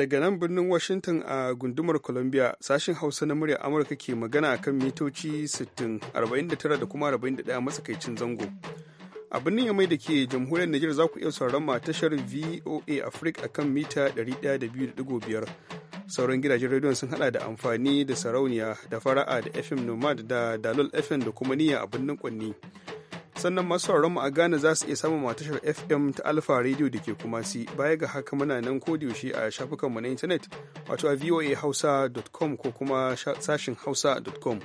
daga nan birnin washington a gundumar columbia sashen hausa na murya amurka ke magana akan mitoci 60 49 da kuma 41 matsakaicin zango a birnin yamai da ke jamhuriyar niger za ku iya sauran ma tashar voa africa akan mita 102.5 sauran gidajen rediyon sun hada da amfani da sarauniya da fara'a da fm nomad da dalol fm da kuma niyya a birnin kwanni sannan masu mu a Ghana za su iya samun matashar FM ta alpha Radio da ke kuma si baya ga haka muna nan ko yaushe a shafukanmu na intanet wato a voahausa.com ko kuma sashin hausa.com.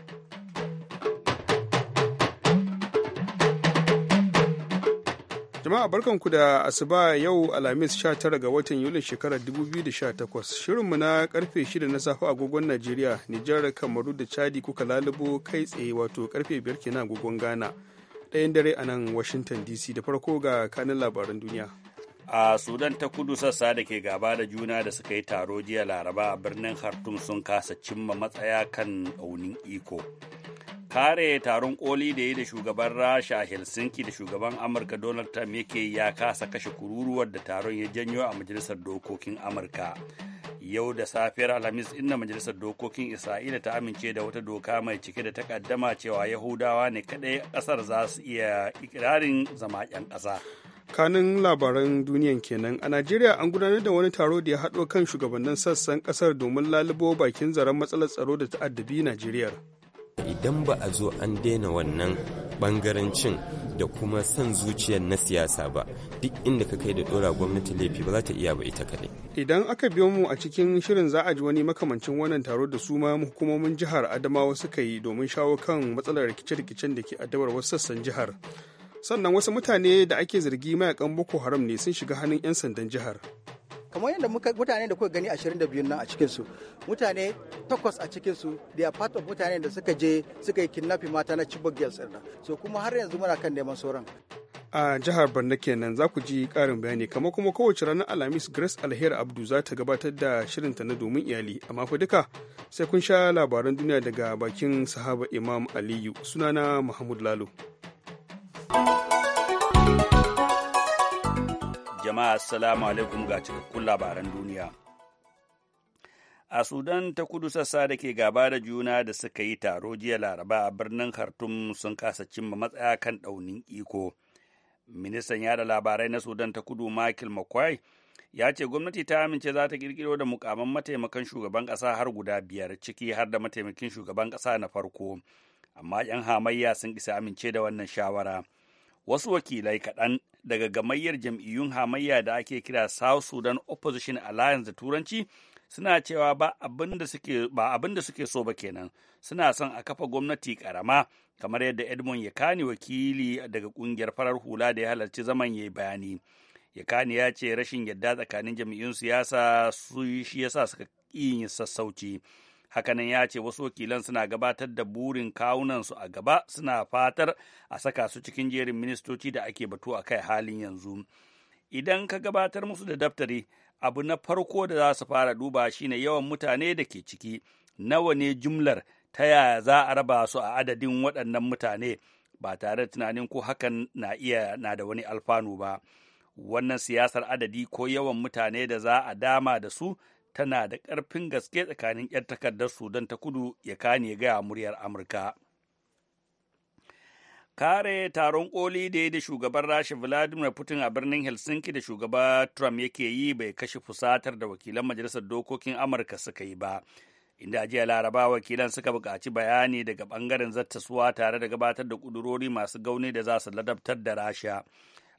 Jama'a barkanku da asuba yau Alhamis 19 ga watan Yulin shekarar 2018. mu na karfe 6 na safe agogon Najeriya, Nijar, Kamaru da Chadi kuka lalubo kai tsaye wato karfe 5 kenan agogon Ghana. ɗayan dare a nan Washington DC da farko ga kanin labaran duniya. A Sudan ta kudu sassa da ke gaba da juna da suka yi taro jiya Laraba a birnin Khartoum sun kasa cimma matsaya kan aunin iko. Kare taron koli da yi da shugaban Rasha Helsinki da shugaban Amurka Donald Trump yake ya kasa kashe kururuwar da taron ya janyo a Majalisar Dokokin Amurka. yau da safiyar alhamis inda majalisar dokokin isra'ila ta amince da wata doka mai cike da takaddama cewa yahudawa ne kadai kasar za su iya ikirarin zama 'yan ƙasa kanin labaran duniyan kenan a najeriya an gudanar da wani taro da ya haɗo kan shugabannin sassan ƙasar domin lalubo bakin zaren matsalar tsaro da ta'addabi najeriya idan ba a zo an daina wannan bangarancin da kuma son zuciyar na siyasa ba duk inda ka kai da dora gwamnati laifi ba za ta iya ba ita kaɗai. idan aka biyo mu a cikin shirin za a ji wani makamancin wannan taro da su ma hukumomin jihar adamawa suka yi domin shawo kan matsalar rikice-rikicen da ke addabar wasu sassan jihar sannan wasu mutane da ake zargi mayakan boko haram ne sun shiga hannun 'yan sandan jihar kamar yadda mutane da kuka gani 22 nan a cikinsu mutane takwas a cikinsu da part of mutane da suka je suka yi kidnapping mata na chibok girls ɗin so kuma har yanzu muna kan neman sauran a jihar Borno kenan za ku ji karin bayani kamar kuma kowace ranar Alhamis Grace Alheri Abdu za ta gabatar da shirin ta na domin iyali amma fa duka sai kun sha labaran duniya daga bakin sahaba Imam Aliyu sunana Muhammad Lalo. jama'a assalamu alaikum ga cikakkun labaran duniya a sudan ta kudu sassa da ke gaba da juna da suka yi taro jiya laraba a birnin Khartoum sun kasa cimma matsaya kan daunin iko ministan yada labarai na sudan ta kudu michael mccoy ya ce gwamnati ta amince za ta kirkiro da mukaman mataimakan shugaban ƙasa har guda biyar ciki har da mataimakin shugaban ƙasa na farko amma 'yan hamayya sun isa amince da wannan shawara wasu wakilai kaɗan daga gamayyar jam'iyyun hamayya da ake kira South Sudan Opposition Alliance da Turanci suna cewa ba abin da suke so ba kenan suna son a kafa gwamnati karama kamar yadda Edmund Yakani wakili daga kungiyar farar hula da ya halarci zaman ya yi bayani. Yakani ya ce rashin yadda tsakanin jam'iyyun siyasa su shi yasa suka yin sassauci. hakanan ya ce wasu wakilan suna gabatar da burin kawunansu a gaba suna fatar a saka su cikin jerin ministoci da ake batu a kai halin yanzu idan ka gabatar musu da daftari abu na farko da za su fara duba shine yawan mutane da ke ciki nawa ne jumlar ta yaya za a raba su a adadin waɗannan mutane ba tare da tunanin ko hakan na iya na da wani alfanu ba wannan siyasar adadi ko yawan mutane da za a dama da su tana da ƙarfin gaske tsakanin 'yan takardar sudan ta kudu ya kane gaya muryar amurka kare taron koli da ya da shugaban rasha vladimir putin a birnin helsinki da shugaba trump yake yi bai kashe fusatar da wakilan majalisar dokokin amurka suka yi ba inda jiya laraba wakilan suka buƙaci bayani daga ɓangaren zattasuwa tare da gabatar da ƙudurori masu gauni da za su ladabtar da rasha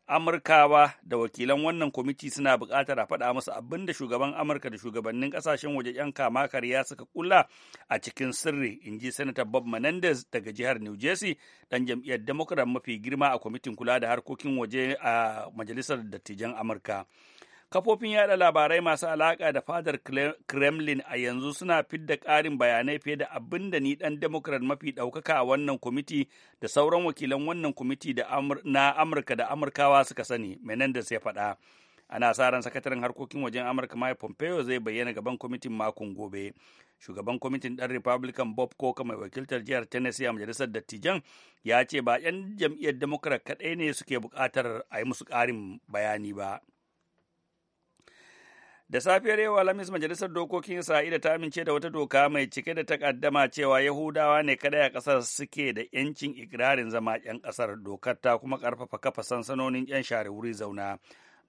amurkawa da wakilan wannan kwamiti suna bukatar a faɗa musu abin da shugaban amurka da shugabannin ƙasashen waje 'yan kama karya suka kula a cikin sirri in ji sanatar bob menendez daga jihar new jersey ɗan jam'iyyar democrat mafi girma a kwamitin kula da harkokin waje a majalisar dattijan amurka kafofin yada labarai masu alaka da fadar kremlin a yanzu suna fidda karin bayanai fiye da abin da ni dan democrat mafi daukaka a wannan kwamiti da sauran wakilan wannan kwamiti na amurka da amurkawa suka sani da ya faɗa ana sa ran sakataren harkokin wajen amurka mike pompeo zai bayyana gaban kwamitin makon gobe shugaban kwamitin ɗan republican bob koka mai wakiltar jihar tennessee a majalisar dattijan ya ce ba 'yan jam'iyyar democrat kaɗai ne suke buƙatar a yi musu karin bayani ba Da safiyar yau Alhamis Majalisar Dokokin Sa'ida ta amince da wata doka mai cike da takaddama cewa Yahudawa ne kadai a ƙasar suke da ‘yancin ikirarin zama ‘yan ƙasar dokar ta kuma karfafa kafa sansanonin ‘yan share wuri zauna.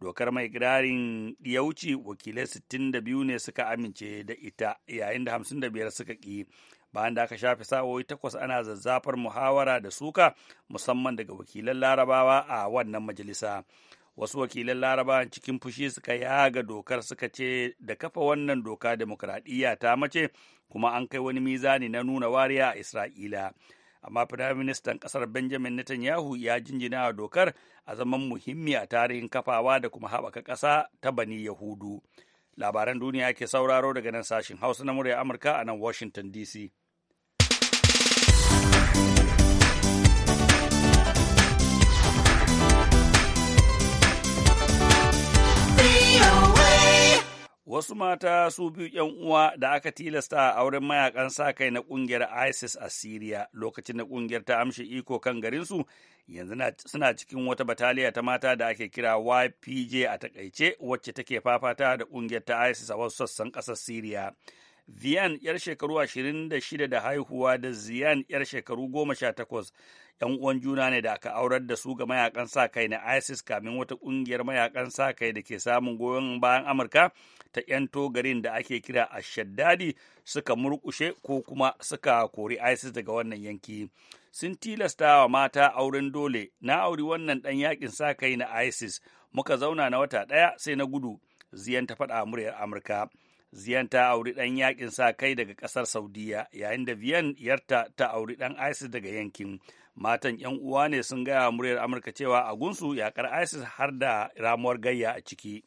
Dokar mai ikirarin yauci wakilai 62 ne suka amince da ita yayin da 55 suka ƙi. bayan da aka shafe sa'o'i takwas ana zazzafar muhawara da suka musamman daga wakilan larabawa a wannan majalisa wasu wakilan laraba cikin fushi suka yaga dokar suka ce da kafa wannan doka demokradiyya ta mace kuma an kai wani mizani na nuna wariya a isra'ila amma firaministan Kasar benjamin netanyahu ya jinjina wa dokar a zaman muhimmi a tarihin kafawa da kuma haɓaka ƙasa ta bani yahudu labaran duniya ke sauraro daga nan sashin hausa na murya amurka a nan washington dc Wasu mata su biyu ‘yan uwa da aka tilasta a auren mayakan sa kai na ƙungiyar ISIS a Siriya lokacin da ƙungiyar ta amshi iko kan garinsu yanzu suna cikin wata bataliya ta mata da ake kira YPJ a takaice wacce take fafata da ƙungiyar ta ISIS a wasu sassan ƙasar Siriya. Vian yar shekaru 26 da haihuwa da Ziyan yar shekaru 18 'yan uwan juna ne da aka aurar da su ga mayakan sa kai na ISIS kamin wata kungiyar mayakan sa kai da ke samun goyon bayan Amurka ta 'yanto garin da ake kira a Shaddadi suka murkushe ko kuma suka kori isis daga wannan yanki sun tilasta wa mata auren dole na auri wannan ɗan yakin sa kai na isis muka zauna na wata ɗaya sai na gudu ziyan ta faɗa muryar amurka ziyan ta auri ɗan yakin sa kai daga ƙasar saudiya yayin da viyan yarta ta auri ɗan isis daga yankin matan yan uwa ne sun gaya muryar amurka cewa a gunsu yakar isis har da ramuwar gayya a ciki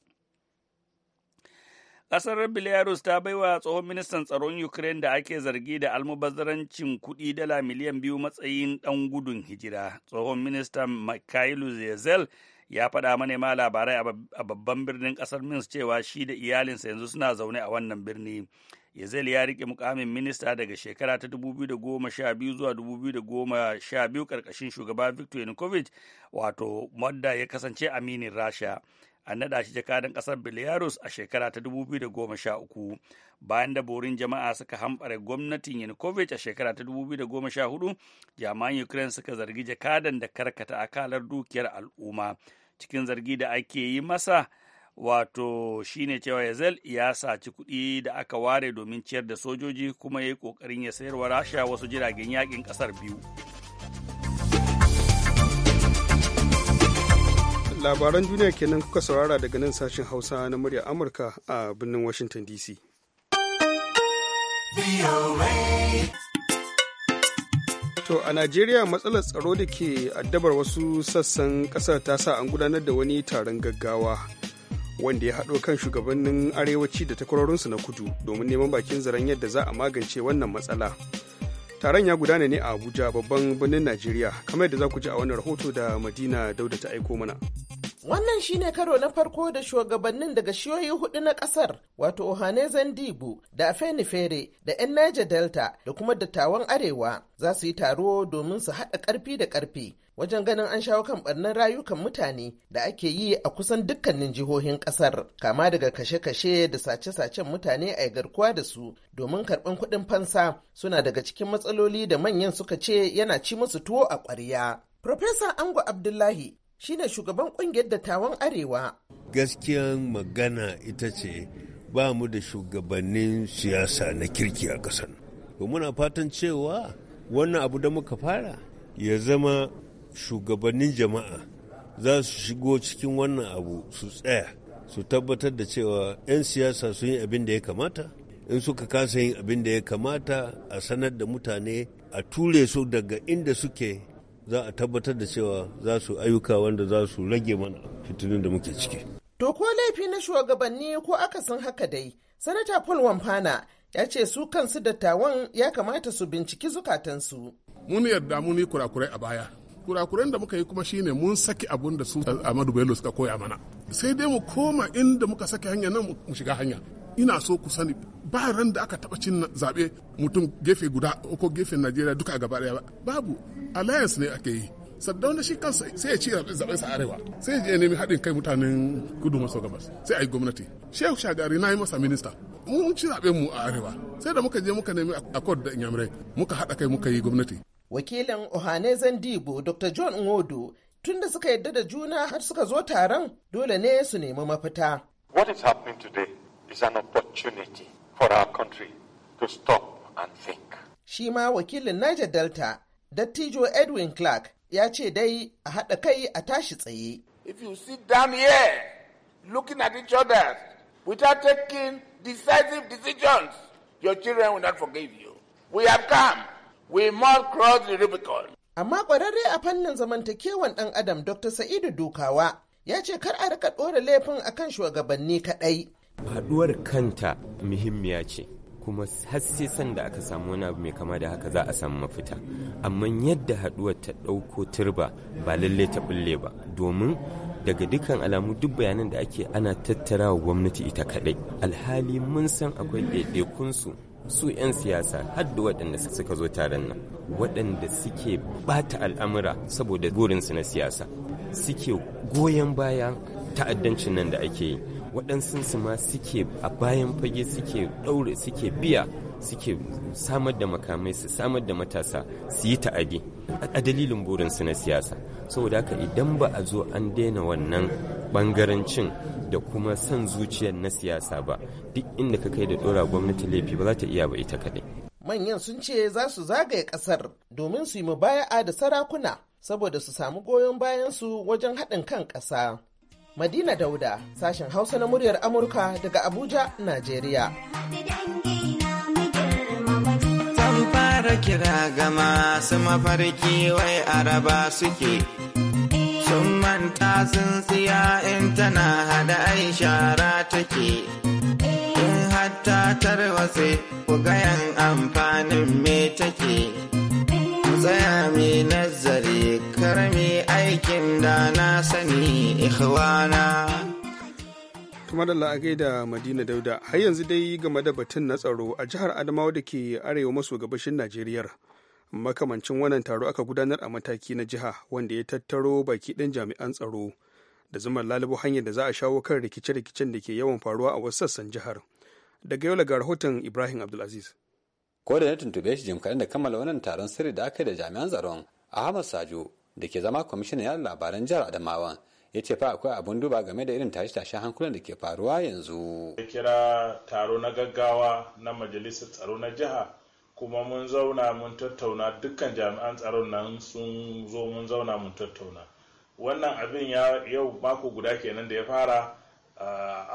Ƙasar Belarus ta baiwa tsohon ministan tsaron Ukraine da ake zargi da almubazzarancin kuɗi dala miliyan biyu matsayin ɗan gudun hijira. Tsohon ministan Mikhailu Zezel ya faɗa manema labarai a babban birnin ƙasar Minsk cewa shi da iyalinsa yanzu suna zaune a wannan birni. Yezel ya rike mukamin minista daga shekara ta 2012 zuwa 2012 karkashin shugaba Viktor Yanukovych wato wadda ya kasance aminin Rasha. an naɗa shi jakadan ƙasar belarus a shekara ta 2013 bayan da borin jama'a suka hambare gwamnatin yanukovych a shekara ta 2014 jami'an ukraine suka zargi jakadan da karkata akalar dukiyar al'umma cikin zargi da ake yi masa wato shine cewa yazel ya saci kuɗi da aka ware domin ciyar da sojoji kuma ya yi ƙoƙarin ya sayarwa rasha wasu jiragen yakin ƙasar biyu labaran duniya kenan kuka saurara daga nan sashen hausa na murya amurka a birnin washington dc To a Najeriya matsalar tsaro da ke addabar wasu sassan kasar ta sa an gudanar da wani taron gaggawa wanda ya haɗo kan shugabannin arewaci da takwarorinsu na kudu domin neman bakin zaren yadda za a magance wannan matsala. taron ya gudana ne a abuja babban birnin najeriya kamar yadda za ku ji a wannan rahoto da madina dauda ta aiko mana wannan shine karo na farko da shugabannin daga shiyoyi hudu na kasar wato ohane zandibu da afenifere da yan niger delta da kuma dattawan arewa za su yi taro domin su haɗa ƙarfi da ƙarfi wajen ganin an shawo kan barnar rayukan mutane da ake yi a kusan dukkanin jihohin ƙasar, kama daga kashe-kashe da sace-sacen mutane a garkuwa da su domin karɓar kuɗin fansa suna daga cikin matsaloli da manyan suka ce yana ci musu tuwo a ƙwarya. Profesa Ango Abdullahi shine shugaban ƙungiyar dattawan Arewa. Gaskiyan magana ita ce ba mu da shugabannin siyasa na kirki a ƙasar. Muna fatan cewa wannan abu da muka fara ya zama shugabannin jama'a za su shigo cikin wannan abu su tsaya su tabbatar da cewa 'yan siyasa sun yi abin da ya kamata in suka kasa yin abin da ya kamata a sanar da mutane a ture su daga inda suke za a tabbatar da cewa za su ayyuka wanda za su rage mana fitinin da muke ciki. To ko laifi na shugabanni ko akasin haka dai, Sanata Paul Wamfana ya ce su kansu dattawan ya kamata su binciki zukatansu. Mun yarda mun kurakurai a baya, kurakuren da muka yi kuma shine mun saki abun da su Amadu Bello suka koya mana sai dai mu koma inda muka saki hanya nan mu shiga hanya ina so ku sani ba ran da aka taba cin zaɓe mutum gefe guda ko gefen najeriya duka gaba daya ba babu alliance ne ake yi saddam da shi kansa sai ya ci zaɓen sa arewa sai ya je nemi haɗin kai mutanen kudu maso gabas sai a yi gwamnati shehu shagari na yi masa minista mun ci zaɓen mu a arewa sai da muka je muka nemi akord da inyamurai muka haɗa kai muka yi gwamnati wakilin ohanezen dibo dr john nwodo tunda suka yadda da juna har suka zo taron dole ne su nemi mafita what is happening today is an opportunity for our country to stop and think shi ma wakilin niger delta dattijo edwin clark ya ce dai a haɗa kai a tashi tsaye if you sit down here looking at each other without taking decisive decisions your children will not forgive you we have come we must cross the Rubicon. Amma kwararre a fannin zamantakewan ɗan Adam Dr. Sa'idu Dukawa ya ce kar a rika ɗora laifin akan shugabanni kaɗai. Haɗuwar kanta muhimmiya ce. kuma har sanda aka samu wani abu mai kama da haka za a samu mafita amma yadda haɗuwar ta ɗauko turba ba lalle ta bulle ba domin daga dukkan alamu duk bayanan da ake ana tattarawa gwamnati ita kaɗai alhali mun san akwai ɗaiɗaikunsu su 'yan siyasa har da waɗanda suka zo taron nan waɗanda suke bata al'amura saboda burinsu na siyasa suke goyon baya ta'addancin nan da ake yi waɗansu su ma suke a bayan fage suke ɗaure suke biya suke samar da makamai su samar da matasa su yi ta'adi a dalilin burinsu na siyasa saboda haka idan ba a zo an daina wannan bangarancin da kuma son zuciyar na siyasa ba duk inda ka kai da dora gwamnati laifi ba za ta iya ba ita kaɗai. manyan sun ce za su zagaye ƙasar domin su yi mubaya'a da sarakuna saboda su samu goyon bayansu wajen haɗin kan ƙasa. Madina Dauda, sashen Hausa na muryar Amurka daga Abuja, Najeriya. Zan fara kira ga masu mafarki wai araba suke sun manta sun siya in tana hada ai shara take in hatta tarwatse ku gayan amfanin me take tsaya mai nazari karmi aikin da na sani ikhwana. kuma da la'agai da madina dauda har yanzu dai game da batun na tsaro a jihar adamawa da ke arewa maso gabashin najeriya makamancin wannan taro aka gudanar a mataki na jiha wanda ya tattaro baki ɗin jami'an tsaro da zumar lalubu hanyar da za a shawo kan rikice-rikicen da ke yawan faruwa a wasu sassan jihar daga yau ga rahoton ibrahim abdulaziz ko da na tuntube shi jim kaɗan da kammala wannan taron sirri da aka yi da jami'an tsaron ahmad sajo da ke zama kwamishinan yada labaran jihar adamawa ya ce fa akwai abun duba game da irin tashe-tashen hankulan da ke faruwa yanzu. ya kira taro na gaggawa na majalisar tsaro na jiha kuma mun zauna mun tattauna dukkan jami'an tsaron nan sun zo mun zauna mun tattauna wannan abin ya yau mako guda kenan da ya fara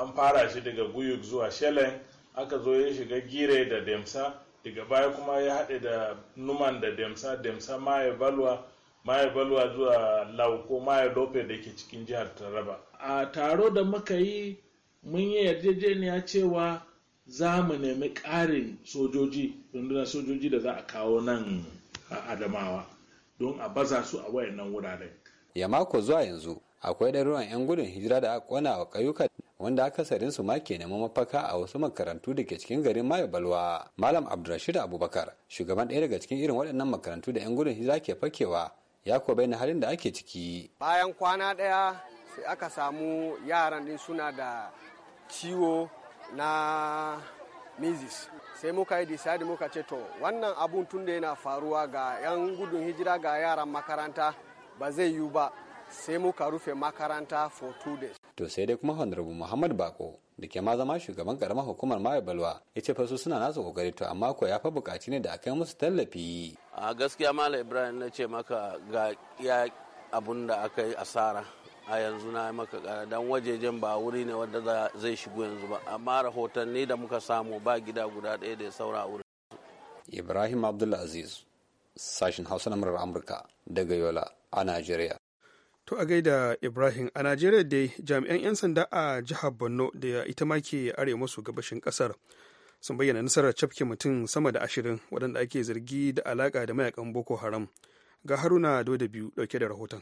an fara shi daga guyuk zuwa shelen aka zo ya shiga gire da demsa daga baya kuma ya haɗe da numan da demsa demsa maye balwa maye balwa zuwa lau ko maye lope da ke cikin jihar taraba a taro da muka yi mun yi yarjejeniya cewa za mu nemi ƙarin sojoji rundunar sojoji da za a kawo nan a adamawa don a baza su a wayannan wuraren ya mako zuwa yanzu akwai ruwan 'yan gudun hijira da aka kona wa ƙauyuka wanda akasarin su ma ke neman mafaka a wasu makarantu da ke cikin garin Mayo Balwa. Malam Abdulrashid Abubakar, shugaban ɗaya daga cikin irin waɗannan makarantu da 'yan gudun hijira ke fakewa, ya ko bayyana halin da ake ciki. Bayan kwana ɗaya sai aka samu yaran ɗin suna da ciwo na mizis sai muka yi decide muka ce to wannan abun tun da yana faruwa ga 'yan gudun hijira ga yaran makaranta ba zai yiwu ba sai muka rufe makaranta for two days. To sai dai kuma Honorable Muhammad Bako da ke ma zama shugaban karamar hukumar Mayo Balwa ya ce fasu suna nasu kokari to amma ko ya fa bukaci ne da aka yi musu tallafi. A gaskiya Malam Ibrahim na ce maka ga ya abun da aka yi asara a yanzu na maka kara dan wajejen ba wuri ne wanda zai shigo yanzu ba amma rahotanni da muka samu ba gida guda ɗaya da ya saura a wurin ibrahim abdulaziz sashen hausa na murar amurka daga yola a nigeria To a gaida Ibrahim a nigeria dai jami'an 'yan sanda a jihar Borno da ita ma ke arewa su gabashin kasar sun bayyana nasarar cafke mutum sama da ashirin waɗanda ake zargi da alaƙa da mayakan Boko Haram. Ga Haruna da biyu ɗauke da rahoton.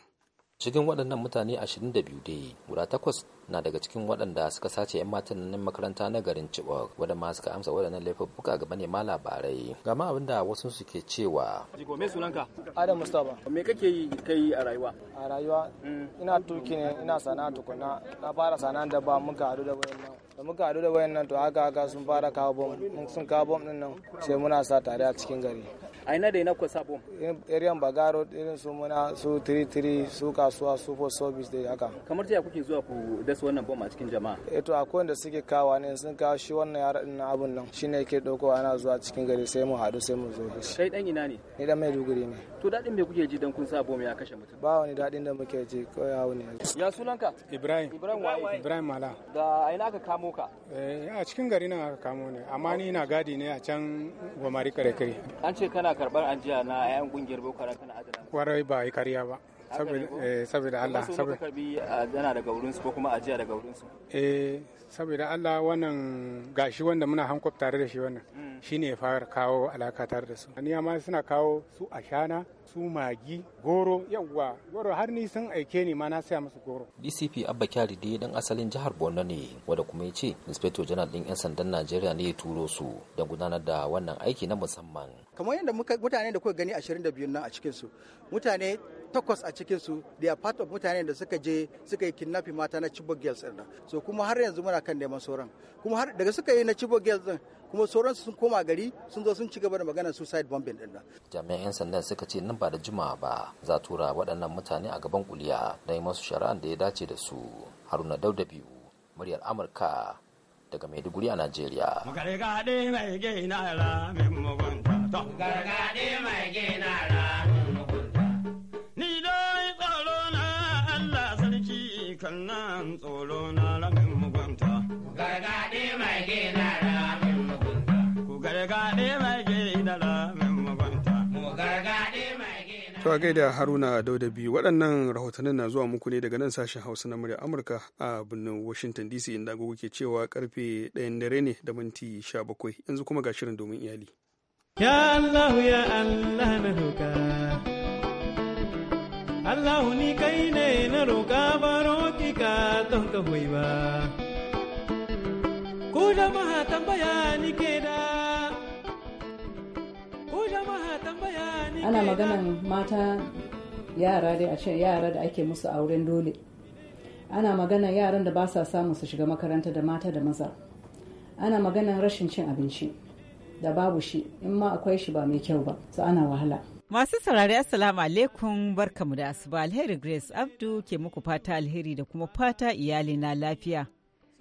cikin waɗannan mutane 22 dai guda takwas na daga cikin waɗanda suka sace 'yan matan nan makaranta na garin Chibok wadda ma suka amsa waɗannan laifuffuka ga manema labarai ga ma abinda wasu suke cewa Jiko me sunanka Adam Mustafa me kake yi kai a rayuwa a rayuwa mm. ina tuki ne ina sana'a tukuna na fara sana'a da ba muka haɗu da wayannan da muka haɗu da wayannan to haka haka sun fara kawo bom sun kawo bom din nan sai muna sa tare a cikin gari a ina da ina ku sa bom irin bagaro irin su muna su 33 su kasuwa su for service da haka kamar ta kuke zuwa ku dasa wannan bom a cikin jama'a eh to akwai wanda suke kawa ne sun kawo shi wannan yara din na abun nan shine yake dauko ana zuwa cikin gari sai mu hadu sai mu zo da shi kai dan ina ne ni dan Maiduguri ne to dadin me kuke ji dan kun sa bom ya kashe mutum ba wani dadin da muke ji ko ya ne ya sunanka Ibrahim Ibrahim waye Ibrahim Mala da ina ka kamo ka eh a cikin gari nan aka kamo ne amma ni ina gadi ne a can gomari kare kare an ce kana karbar anjiya na 'yan kungiyar Boko Haram kana adana kwarai ba yi kariya ba saboda eh, Allah saboda karbi ah, eh, Allah wannan gashi wanda muna hankwab tare da shi wannan mm. shine ya fara kawo alaka tare da su ni ma suna kawo su ashana su magi goro yawwa goro har ni sun aike ni ma na saya musu goro DCP Abba Kyari dai dan asalin jihar Borno ne wanda kuma yace Inspector General din yan sandan Najeriya ne ya turo su don gudanar da wannan aiki na musamman kamar yadda mutane da kuka gani 22 nan a cikinsu su mutane takwas a cikin su da ya fata mutane da suka je suka yi kidnappi mata na Chibok girls din so kuma har yanzu muna kan neman sauran kuma har daga suka yi na Chibok girls din kuma sauran sun koma gari sun zo sun ci gaba da magana suicide bombing din nan jami'an 'yan sanda suka ce nan ba da juma'a ba za tura waɗannan mutane a gaban kuliya don yi masu shari'a da ya dace da su haruna dauda biyu muryar amurka daga maiduguri a najeriya gargaɗe mai gina ra mai mugunta To a gaida Haruna biyu waɗannan rahotannin na zuwa muku ne daga nan sashen Hausa na murya Amurka a birnin Washington DC inda agogo ke cewa karfe ɗayan dare ne da minti 17 yanzu kuma ga shirin domin iyali. Ya Allah ya Allah na roƙa Allah ni kai ne na roƙa ba roƙi ka don ka ba. Ku da tambaya ni ke da ana maganan mata yara dai a ce yara da ake musu auren dole ana magana yaran da ba sa samu su shiga makaranta da mata da maza ana maganan rashin cin abinci da babu shi in ma akwai shi ba mai kyau ba su ana wahala masu saurari assalamu alaikum barkamu da asuba alheri grace abdu ke muku fata alheri da kuma fata iyali na lafiya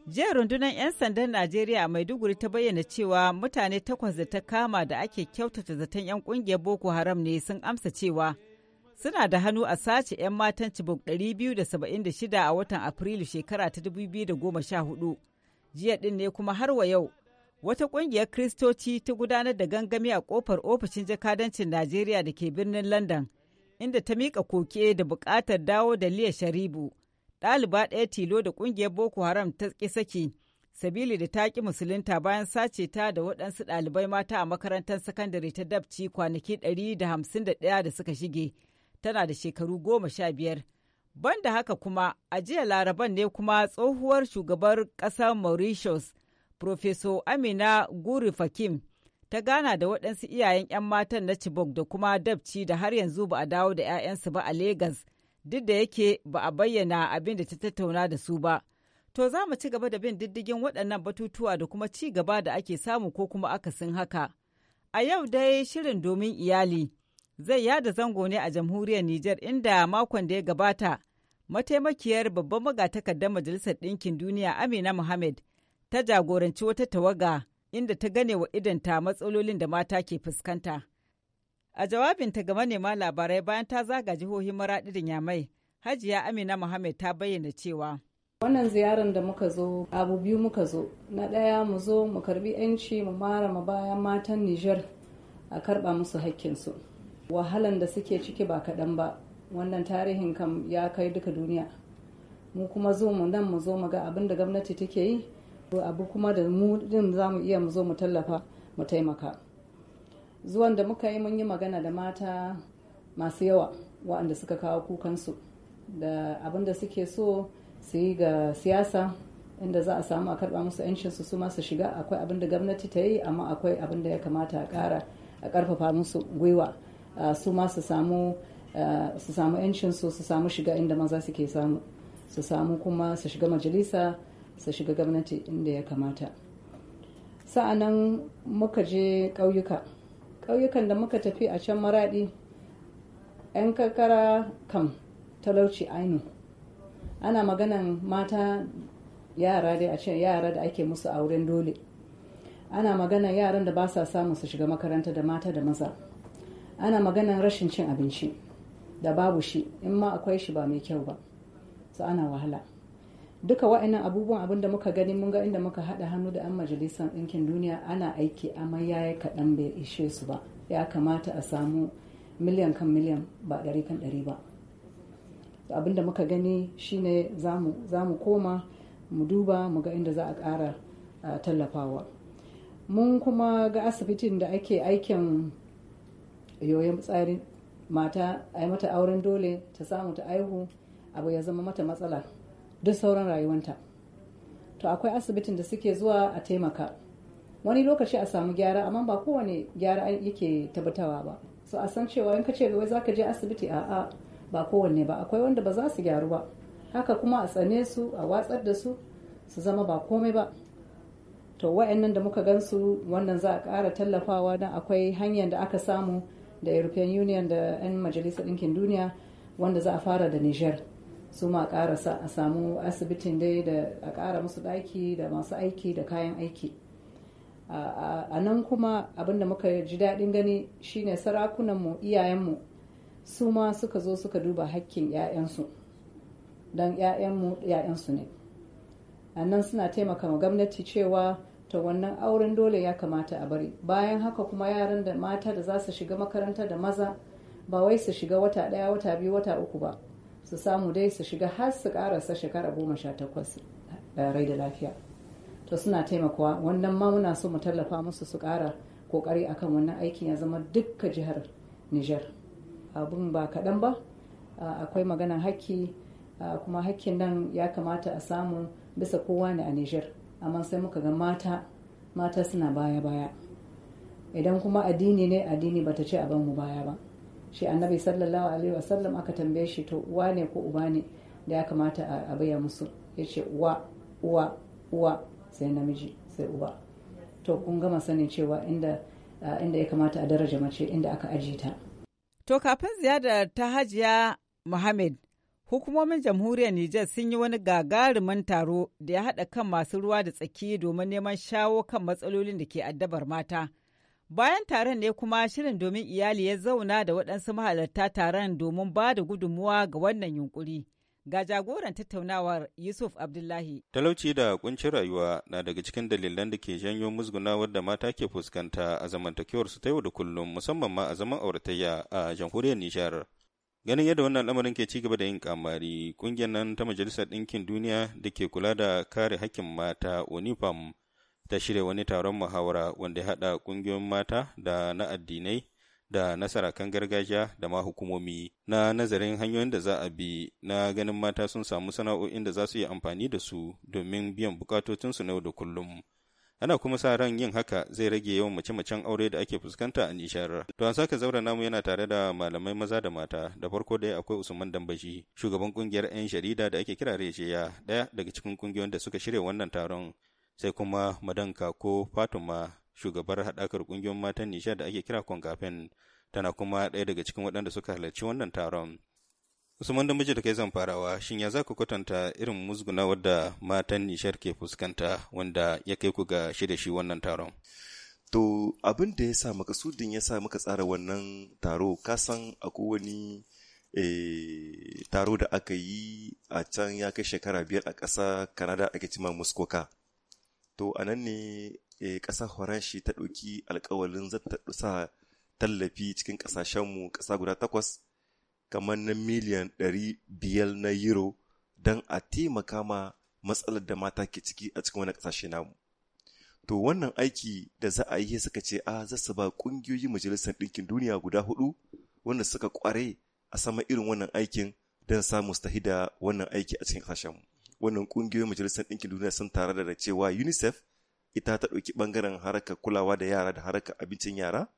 Jiya rundunar 'yan sandan Najeriya a Maiduguri ta bayyana cewa mutane takwas da ta kama da ake kyautata zaton 'yan kungiyar Boko Haram ne sun amsa cewa suna da hannu a sace 'yan matan da 276 a watan Afrilu shekara ta 2014. Jiya din ne kuma har wa yau wata kungiyar Kristoci ta gudanar da gangami a kofar ofishin jakadancin Najeriya da ke birnin London inda ta miƙa koke da buƙatar dawo da Liya Sharibu. ɗaliba ɗaya tilo da ƙungiyar boko haram ta ƙi saki sabili da ta ƙi musulunta bayan sace ta da waɗansu ɗalibai mata a makarantar sakandare ta dabci kwanaki 151 da hamsin da da suka shige tana da shekaru goma sha biyar banda haka kuma a jiya laraban ne kuma tsohuwar shugabar ƙasar mauritius profeso amina guri fakim ta gana da waɗansu iyayen 'yan matan na chibok da kuma dabci da har yanzu ba a dawo da 'ya'yansu ba a Legas duk da yake ba a bayyana abin da ta tattauna da su ba. To za mu ci gaba da bin diddigin waɗannan batutuwa da kuma ci gaba da ake samu ko kuma akasin haka. A yau dai shirin domin iyali zai yada zango ne a jamhuriyar Nijar inda makon da ya gabata mataimakiyar babban magatakardar Majalisar Ɗinkin Duniya Amina Mohammed ta jagoranci wata tawaga inda ta gane wa idanta matsalolin da mata ke fuskanta. A jawabinta ga manema labarai bayan ta zaga jihohin maraɗi da nyamai, Hajiya Amina Muhammad ta bayyana cewa. Wannan ziyarar da muka zo abu biyu muka zo. Na ɗaya mu zo mu karbi 'yanci mu mara mu bayan matan Nijar a karɓa musu hakkinsu. Wahalan da suke ciki ba kaɗan ba. Wannan tarihin kam ya kai duka duniya. Mu kuma zo mu nan mu zo mu ga abin da gwamnati take yi. Abu kuma da mu din za mu iya mu zo mu tallafa mu taimaka. zuwan da muka yi mun yi magana da mata masu yawa waɗanda suka kawo kukansu da abin da suke so su yi ga siyasa inda za a samu a karba musu 'yancinsu su masu shiga akwai abin da gwamnati ta yi amma akwai abin da ya kamata a ƙara a ƙarfafa musu gwiwa su masu samu su samu 'yancinsu su samu shiga inda maza suke samu su samu kuma su shiga majalisa su shiga gwamnati inda ya kamata sa'anan muka je ƙauyuka ƙauyukan da muka tafi a can maraɗi 'yan karkara kam talauci ainu ana maganan mata yara dai a can yara da ake musu auren dole ana maganan yaran da ba sa samu su shiga makaranta da mata da maza ana maganan rashin cin abinci da babu shi in ma akwai shi ba mai kyau ba su ana wahala duka wa'annan abubuwan abin da muka gani mun ga inda muka haɗa hannu da 'yan majalisar ɗinkin duniya ana aiki amma ya yi kaɗan bai ishe su ba ya kamata a samu miliyan kan miliyan ba ɗari kan ɗari ba abin da muka gani shine za mu koma mu duba mu ga inda za a ƙara tallafawa mun kuma ga asibitin da ake aikin yoyon tsari mata a mata auren dole ta samu ta aihu abu ya zama mata matsala duk sauran rayuwanta to akwai asibitin da suke zuwa a taimaka wani lokaci a samu gyara amma ba kowane gyara yake tabbatawa ba so a san cewa in ka ce wai zaka je asibiti a ba kowanne ba akwai wanda ba za su gyaru ba haka kuma a tsane su a watsar da su su zama ba komai ba to wa'annan da muka gansu wannan za a ƙara tallafawa don akwai hanyar da aka samu da european union da 'yan majalisar ɗinkin duniya wanda za a fara da niger su ma ƙara sa a samu asibitin dai da a ƙara musu ɗaki da masu aiki da kayan aiki a nan kuma abinda muka ji daɗin gani shine sarakunanmu iyayenmu su ma suka zo suka duba hakkin 'ya'yansu don 'ya'yanmu 'ya'yansu ne a nan suna taimaka ma gwamnati cewa ta wannan auren dole ya kamata a bari bayan haka kuma yaran da mata da za su shiga makaranta da maza ba wai su shiga wata ɗaya wata biyu wata uku ba su samu dai su shiga har su karasa shekara goma sha takwas eh, rai da lafiya to suna taimakawa wannan ma muna so mu tallafa musu su kara kokari akan wannan aikin ya zama dukka jihar Nijar abun ba kaɗan ba akwai maganan hakki kuma hakkin nan ya kamata a samu bisa kowa ne a Nijar amma sai muka ga mata mata suna baya-baya idan kuma addini ne addini bata ce a mu baya ba shi annabi sallallahu alaihi wasallam aka tambaye shi to uwa ne ko uba ne da ya kamata a baya musu ya ce uwa uwa uwa sai namiji sai uba to kun gama sanin cewa inda ya kamata a daraja mace inda aka aje ta to kafin ziyarar ta hajiya muhammad hukumomin jamhuriyar Nijar sun yi wani gagarumin taro da ya haɗa kan masu ruwa da tsaki domin neman shawo kan matsalolin da ke addabar mata. Bayan taron ne kuma shirin domin iyali ya zauna da waɗansu mahalarta taron domin ba da gudunmuwa ga wannan yunkuri. Ga jagoran tattaunawar Yusuf Abdullahi. Talauci da kuncin rayuwa na daga cikin dalilan da ke janyo musgunawar da mata ke fuskanta a zamantakewar su ta yau da kullum musamman ma a zaman auratayya a jamhuriyar Nijar. ganin yadda wannan lamarin ke cigaba da yin kamari kungiyar nan ta majalisar ɗinkin duniya da ke kula da kare hakkin mata onifam ta shirya wani taron muhawara wanda ya haɗa ƙungiyoyin mata da na addinai da na sarakan gargajiya da ma hukumomi na nazarin hanyoyin da za a bi na ganin mata sun samu sana'o'in da za su yi amfani da su domin biyan bukatotinsu na yau da kullum. ana kuma sa ran yin haka zai rage yawan mace-macen aure da ake fuskanta a nishar. To an saka zaura namu yana tare da malamai maza da mata da farko dai akwai Usman Dambashi shugaban kungiyar 'yan jarida da ake kira rejeya daya daga cikin kungiyoyin da suka shirya wannan taron sai kuma madanka ko fatima shugabar haɗakar ƙungiyoyin matan nishar da ake kira kongafen tana kuma ɗaya daga cikin waɗanda suka halarci wannan taron usman da miji da kai farawa shin ya za ku kwatanta irin musguna wadda matan nishar ke fuskanta wanda ya kai ku ga shirya shi wannan taron to abin da ya sa makasudin ya sa muka tsara wannan taro kasan akwai wani eh, taro da aka yi a can ya kai shekara biyar a ƙasa kanada ake cima muskoka to a nan ne eh, ƙasar horanshi ta ɗauki alkawalin ta sa tallafi cikin ƙasashenmu ƙasa guda takwas kamar na miliyan ɗari biyar na euro don a taimaka ma matsalar da mata ke ciki a cikin wani ƙasashe namu to wannan aiki da za a yi suka ce a ah, za su ba ƙungiyoyin majalisar ɗinkin duniya guda hudu wanda suka ƙware a sama irin wannan aikin don samu su tahida wannan aiki a cikin ƙasashenmu wannan kungiyoyin majalisar ɗinkin duniya sun tare da cewa unicef ita ta ɗauki ɓangaren harkar kulawa da yara da harkar abincin yara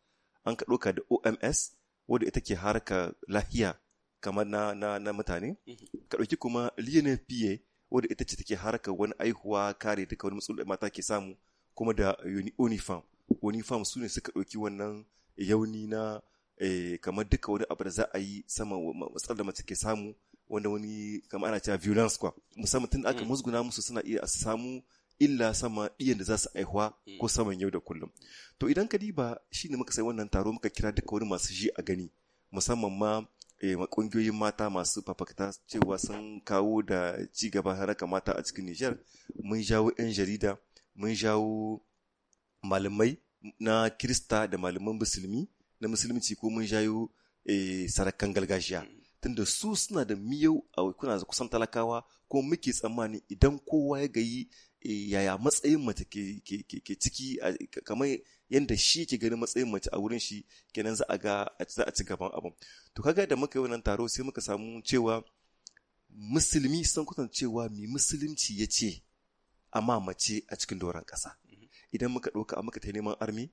an ka ɗauka da oms wadda ita ke harkar lahiya kamar na, na, na mutane mhm. ka ɗauki kuma lnfpa wadda ita ce take harkar wani aihuwa kare duka wani matsalolin mata ke samu kuma da unifam unifam su ne suka ɗauki wannan yauni na eh, kamar duka wani abu da za a yi sama matsalar da mace ke samu wanda wani kamar ana cewa violence kwa musamman tun aka mm. musguna musu suna iya samu illa sama ɗiyan da za su aihuwa mm. ko saman yau da kullum to idan ka diba shi ne muka sai wannan taro muka kira duka wani masu ji a gani musamman ma eh, ƙungiyoyin mata masu fafakta cewa sun kawo da ci gaba haraka mata a cikin Nijar mun jawo 'yan jarida mun jawo malamai na Kirista da malaman musulmi na musulunci ko mun jayo eh, sarakan gargajiya. Mm. tunda su suna da miyau a kuna da kusan talakawa ko muke tsammani idan kowa ya gayi eh, yaya matsayin mace ke ciki kamar yadda shi ke gani matsayin mace a wurin shi kenan za a ga za a ci gaban abin to kaga da muka yi wannan taro sai muka samu cewa musulmi sun kusan cewa mai musulunci ya ce amma mace a cikin doron ƙasa mm-hmm. idan muka ɗauka muka ta neman armi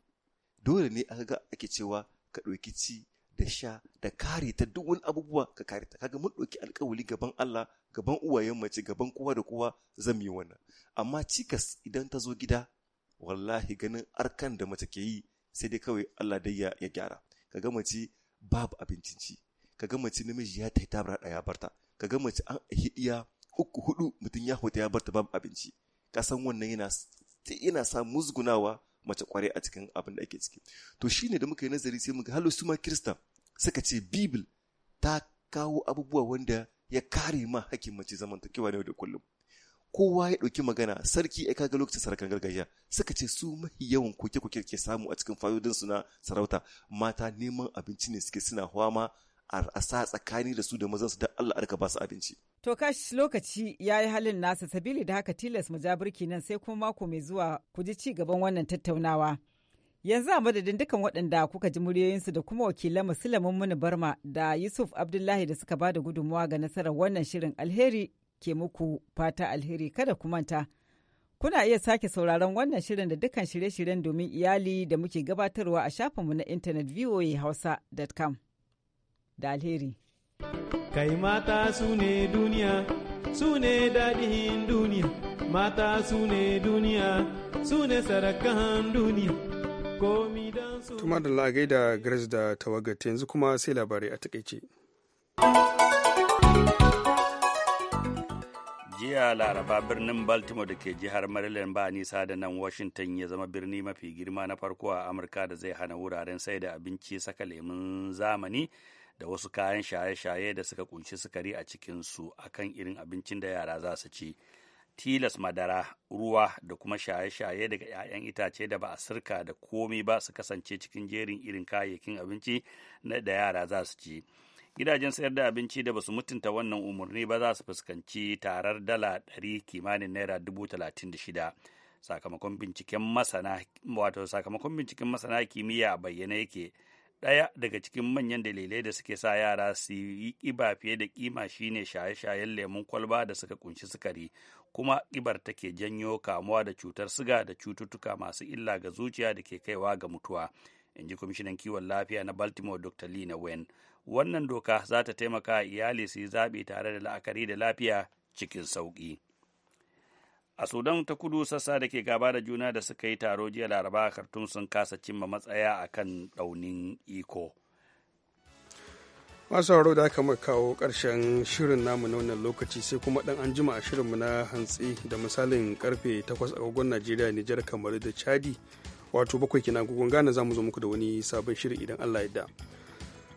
dole ne aka ga ake cewa ka ɗauki ci da sha da kare ta duk wani abubuwa ka kare ta kaga mun ɗauki alkawali gaban Allah gaban uwayen mace gaban kowa da kowa zan yi wannan amma cikas idan ta zo gida wallahi ganin arkan da mace ke yi sai dai kawai Allah dai ya, ya gyara kaga mace babu abincin ci kaga mace namiji ya ta tabara daya barta kaga mace an hidiya uku hudu mutum ya huta ya barta babu abinci kasan wannan yana yana sa musgunawa mace kwarai a cikin abin da ake ciki to shine da muka yi nazari sai muka halu su ma kirista suka ce bibil ta kawo abubuwa wanda ya kare ma hakkin mace zaman ta ne da kullum kowa ya ɗauki magana sarki ya kaga lokacin sarakan gargajiya suka ce su mahi yawan koke-koke ke samu a cikin su na sarauta mata neman abinci ne suke suna hwama a sa tsakani da su da mazan su da Allah arka ba su abinci To kash lokaci ya yi halin nasa sabili da haka tilas mu ja birki nan sai kuma mako mai zuwa ku ji ci gaban wannan tattaunawa. Yanzu a madadin dukan waɗanda kuka ji muryoyinsu da kuma wakilan musulmin Muni Barma da Yusuf Abdullahi da suka bada gudunmawa ga nasarar wannan shirin alheri ke muku fata alheri kada ku manta. Kuna iya sake sauraron wannan shirin da dukkan shirye-shiryen domin iyali da muke gabatarwa a shafinmu na intanet voahausa.com da alheri. Kai mata su ne duniya, su ne daɗin duniya, mata su ne duniya, su ne sarakan duniya. Tuma da lagai da Grace da tawagata yanzu kuma sai labarai a takaice. jiya laraba birnin baltimore da ke jihar maryland ba nisa da nan washington ya zama birni mafi girma na farko a amurka da zai hana wuraren sai da abinci saka lemun zamani da wasu kayan shaye-shaye da suka kunshi sukari a cikinsu a kan irin abincin da yara za su ci tilas madara ruwa da kuma shaye-shaye daga 'ya'yan itace da ba a sirka da komi ba su kasance cikin jerin irin kayayyakin abinci da yara za su ci gidajen sayar da abinci da ba su mutunta wannan umarni ba za su fuskanci tarar dala 100 kimanin naira dubu talatin da shida. wato sakamakon binciken masana kimiyya a bayyane yake ɗaya daga cikin manyan dalilai da suke sa yara su yi ƙiba fiye da ƙima shine shaye-shayen lemun kwalba da suka kunshi sukari kuma ƙibar take janyo kamuwa da cutar siga da cututtuka masu illa ga zuciya da ke kaiwa ga mutuwa in ji kwamishinan kiwon lafiya na baltimore dr lina wen wannan doka za ta taimaka iyali su yi zaɓi tare da la'akari da lafiya cikin sauƙi. a sudan ta kudu sassa da ke gaba da juna da suka yi taro jiya laraba a kartun sun kasa cimma matsaya a kan daunin iko masu sauraro da aka kawo karshen shirin namu na wannan lokaci sai kuma dan an jima a shirinmu na hantsi da misalin karfe 8 agogon najeriya nijar kamar da chadi wato bakwai kina agogon gane za mu zo muku da wani sabon shiri idan allah ya da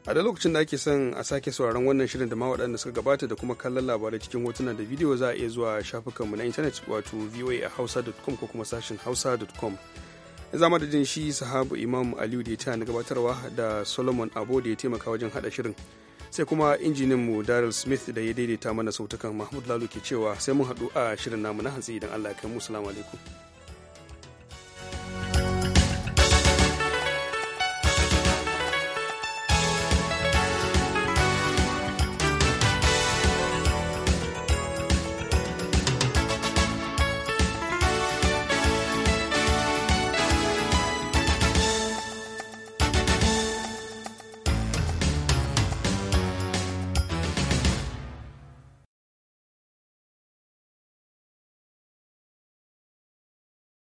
a da lokacin da ake son a sake sauraron wannan shirin da ma waɗanda suka gabata da kuma kallon labarai cikin hotuna da bidiyo za a iya zuwa shafukanmu na intanet wato a hausa.com ko kuma sashin hausa.com zama da jin shi sahabu imam aliyu da ya ta na gabatarwa da solomon abo da ya taimaka wajen haɗa shirin sai kuma injinin mu daryl smith da ya daidaita mana sautukan mahmud lalu ke cewa sai mun haɗu a shirin namu na hatsi idan allah ya kai mu salamu alaikum